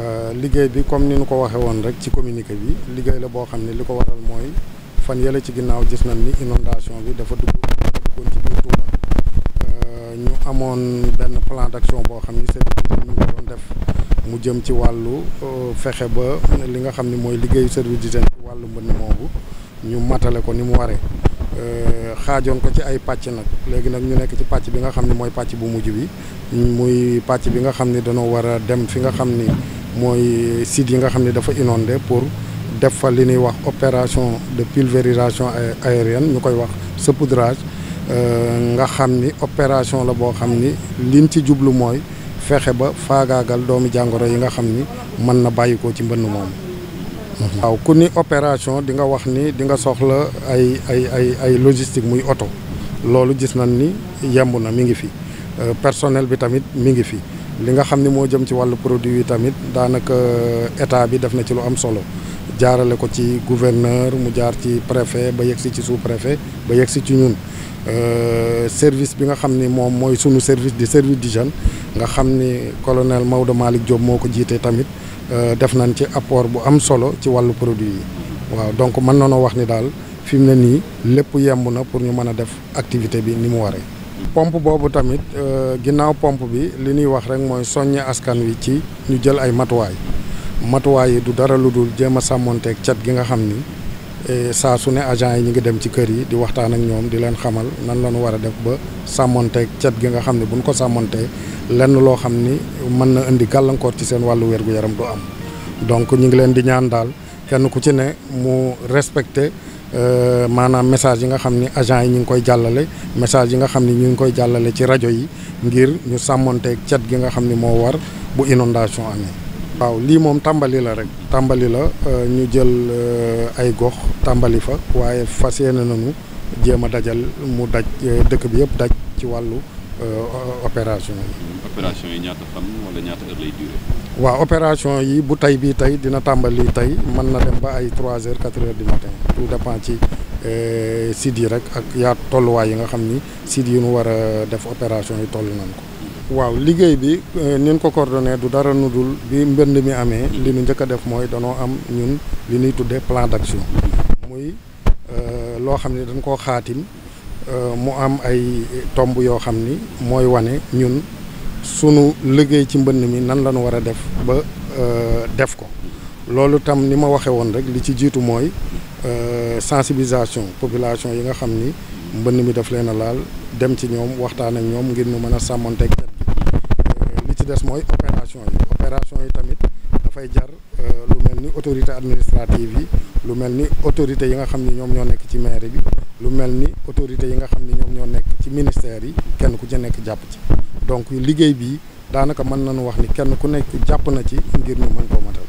Euh, liggéey bi comme ni ñu ko waxee woon rek ci communiqué bi liggéey la boo xam ne li ko waral mooy fan yële ci ginnaaw gis nañ ni inondation bi dafa dugg ci biir euh, amoon benn plan boo xam ni service d'hygiène def mu jëm ci wàllu euh, fexe ba li nga xam ni mooy liggéeyu service d'hygiène ci wàllu mbënn moomu ñu matale ko ni mu waree xaajoon ko ci ay pàcc nag léegi nag ñu nekk ci pàcc bi nga xam ni mooy pàcc bu mujj bi muy pàcc bi nga xam ni dañoo war a dem fi nga xam ni. mooy site yi nga xam ne dafa inondé pour def fa li nuy wax opération de pulvérisation aérienne ñu koy wax sa saupoudrage euh, nga xam ni opération la boo xam ni liñ ci jublu mooy fexe ba faagaagal doomu jàngoro yi nga xam ni mën na bàyyi ko ci mbënn moom mhm. waaw ku ni opération di nga wax ni di nga soxla ay ay ay ay logistique muy oto loolu gis nañ ni yemb na mi ngi fi euh, personnel bi tamit mi ngi fi li nga xam ni moo jëm ci wàllu produit yi tamit daanaka euh, état bi def na ci lu am solo jaarale ko ci gouverneur mu jaar ci préfet ba yegg si ci sous préfet ba yegg si ci ñun euh, service bi nga xam ni moom mooy sunu service di service di jeune nga xam ni colonel Maodo Malick Diop moo ko jiitee tamit euh, def nañ ci apport bu am solo ci wàllu produit yi waaw donc mën na noo wax ni daal fi mu ne nii lépp yemb na pour ñu mën a def activité bi ni mu waree. pompe boobu tamit euh, ginnaaw pompe bi li ñuy wax rek mooy soññ askan wi ci ñu jël ay matuwaay matuwaay yi du dara lu dul jéem a sàmmonteeg cet gi nga xam ni e, saa su ne agent yi ñu ngi dem ci kër yi di waxtaan ak ñoom di leen xamal nan la ñu war a def ba sàmmonteeg cet gi nga xam ne buñ ko sàmmoontee lenn loo xam ni mën na indi gàllankoor ci seen wàllu wér gu yaram du am donc ñu ngi leen di ñaan daal kenn ku ci ne mu respecté Euh, maanaam message yi nga xam ni agent yi ñu ngi koy jàllale message yi nga xam ni ñu ngi koy jàllale ci rajo yi ngir ñu sàmmonteeg cat gi nga xam ni moo war bu inondation amee waaw lii moom tàmbali la rek tàmbali la euh, ñu jël euh, ay gox tàmbali fa waaye fas yéene nañu jéem a dajal mu daj dëkk bi yëpp daj ci wàllu Euh, opération yi. opération yi ñaata fan ñaata heure lay waaw opération yi bu tey bii tey dina tàmbali tey mën na dem ba ay trois heures quatre heures du matin tout dépend ci euh, sites yi rek ak yaa tolluwaay yi nga xam ni sites yi ñu war a def opération yi toll nañ ko. waaw liggéey bi euh, nin ko coordonné du dara nu bi mbënd mi amee li nu njëkk a def mooy danoo am ñun li ñuy tuddee plan d'action muy loo xam ne dañ ko xaatim Euh, mu am ay tomb yoo xam ni mooy wane ñun sunu liggéey ci mbënn mi nan la ñu war a def ba euh, def ko loolu tam ni ma waxe woon rek li ci jiitu mooy euh, sensibilisation population yi nga xam ni mbënn mi daf leen a laal dem ci ñoom waxtaan ak ñoom ngir ñu mën a sàmmonteeg li ci des mooy opération yi opération yi tamit dafay jar euh, lu mel ni autorité administrative yi lu mel ni autorité yi nga xam ni ñoom ñoo nekk ci mairie bi lu mel ni autorité yi nga xam ni ñoom ñoo nekk ci ministère yi kenn ku ci nekk jàpp ci donc liggéey bi daanaka mën nañu wax ni kenn ku nekk jàpp na ci ngir ñu mën koo matal